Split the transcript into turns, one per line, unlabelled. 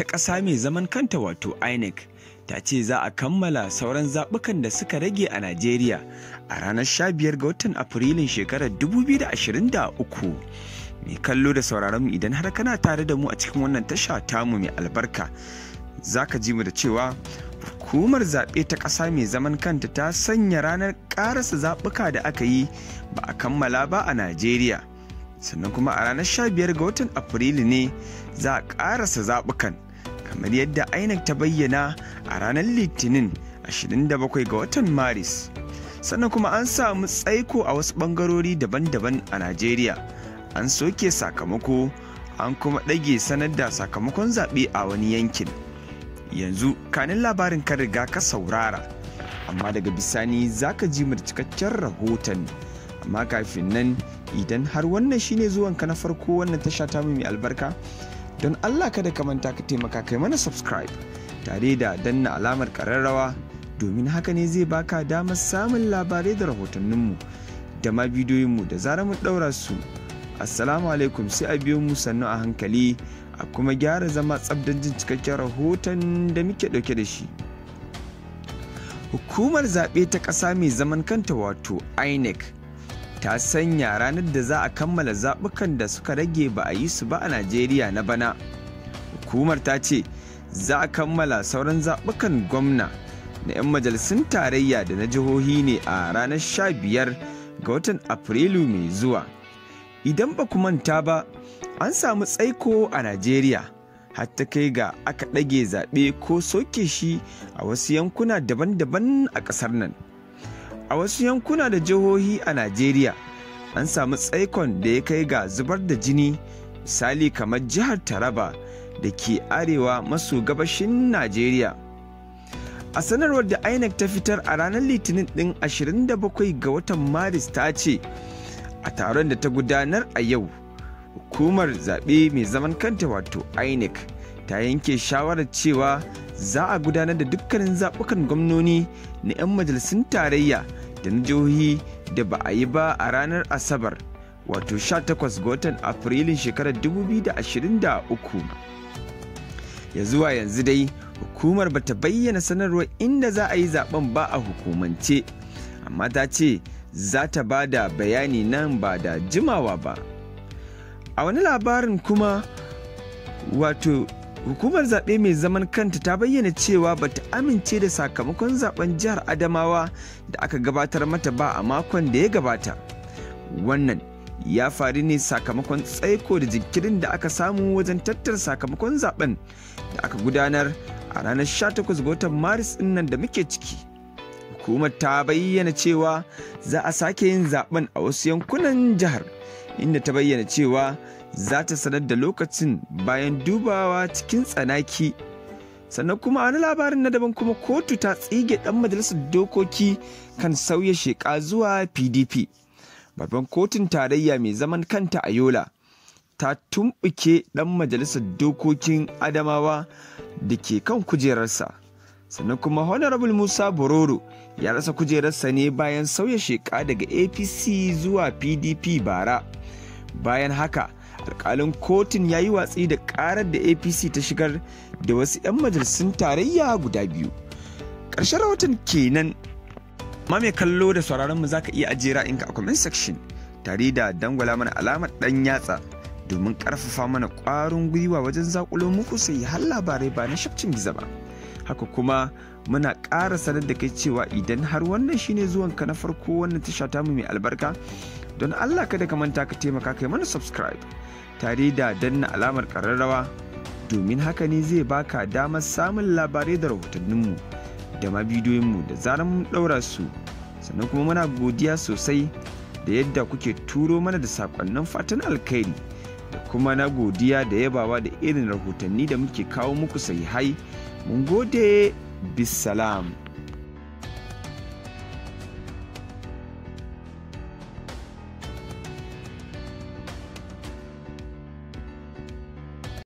ta ƙasa mai zaman kanta wato INEC ta ce za a kammala sauran zaɓukan da suka rage a Najeriya a ranar 15 ga watan Afrilun shekarar 2023. Mai kallo da sauraron idan har kana tare da mu a cikin wannan tasha tamu mai albarka za ka ji mu da cewa hukumar zaɓe ta ƙasa mai zaman kanta ta sanya ranar ƙarasa zaɓuka da aka yi ba a kammala ba a Najeriya. sannan kuma a ranar 15 ga watan afrilu ne za a ƙarasa zaɓukan kamar yadda inec ta bayyana a ranar litinin 27 ga watan maris sannan kuma an samu tsaiko a wasu bangarori daban-daban a najeriya an soke sakamako an kuma ɗage sanar da sakamakon zaɓe a wani yankin yanzu kanin labarin ka riga ka saurara amma daga bisani za ka ji mu cikakken rahoton amma kafin nan idan har wannan shine zuwanka na farko wannan tasha ta mai albarka don allah kada ka manta ka taimaka kai mana subscribe tare da danna alamar kararrawa domin haka ne zai baka damar samun labarai da rahotanninmu da ma bidiyoyinmu da zarar mu ɗaura su assalamu alaikum sai a biyo mu sannu a hankali a kuma gyara zama tsabdan jin cikakken rahoton da muke ɗauke da shi hukumar zaɓe ta ƙasa mai zaman kanta wato inec ta sanya ranar da za a kammala zaɓukan da suka rage ba a yi su ba a najeriya na bana hukumar ta ce za a kammala sauran zaɓukan gwamna na 'yan majalisun tarayya da na jihohi ne a ranar 15 ga watan afrilu mai zuwa idan ba manta ba an samu tsaiko a najeriya hatta kai ga aka ɗage zaɓe ko soke shi a wasu yankuna daban-daban a ƙasar nan a wasu yankuna da jihohi a najeriya an samu tsaikon da ya kai ga zubar da jini misali kamar jihar taraba da ke arewa maso gabashin najeriya a sanarwar da inec ta fitar a ranar litinin din 27 ga watan maris ta ce a taron da ta gudanar a yau hukumar zaɓe mai zaman kanta wato inec ta yanke shawarar cewa za a gudanar da dukkanin zaɓukan gwamnoni na 'yan majalisun tarayya da na jihohi da ba a yi ba a ranar asabar wato 18 ga watan afrilun shekarar 2023 ya zuwa yanzu dai hukumar ba ta bayyana sanarwar inda za a yi zaben ba a hukumance amma ta ce za ta ba da bayani nan ba da jimawa ba a wani labarin kuma wato hukumar zaɓe mai zaman kanta ta bayyana cewa bata amince da sakamakon zaɓen jihar adamawa da aka gabatar mata ba a makon da ya gabata wannan ya faru ne sakamakon tsaiko da jinkirin da aka samu wajen tattara sakamakon zaɓen da aka gudanar a ranar 18 ga watan maris nan da muke ciki hukumar ta bayyana cewa za a sake yin zaɓen a wasu yankunan jihar inda ta bayyana cewa za ta sanar da lokacin bayan dubawa cikin tsanaki sannan kuma wani labarin na daban kuma kotu ta tsige dan majalisar dokoki kan sauya sheka zuwa pdp babban kotun tarayya mai zaman kanta a yola ta tumbuke dan majalisar dokokin adamawa da ke kan kujerarsa sannan kuma honorable musa bororo ya rasa kujerarsa ne bayan sauya sheka daga apc zuwa pdp bara bayan haka alkalin kotun ya yi watsi da karar da apc ta shigar da wasu 'yan majalisun tarayya guda biyu ƙarshen rahoton kenan ma mai kallo da sauraron mu zaka iya ajera inka a comment section tare da dangwala mana alamar dan yatsa domin karfafa mana kwarin gwiwa wajen zakulo muku sai har labarai ba na shafcin giza ba haka kuma muna ƙara sanar da kai cewa idan har wannan shine zuwanka na farko wannan tasha tamu mai albarka don allah kada ka manta ka taimaka kai mana subscribe tare da danna alamar ƙararrawa domin haka ne zai baka damar samun labarai da rahotanninmu da ma bidiyoyinmu da zarar mun ɗaura su sannan kuma muna godiya sosai da yadda kuke turo mana da sakonnin fatan alkhairi da kuma na godiya da yabawa da irin rahotanni da muke kawo muku sai hai mun gode bisalam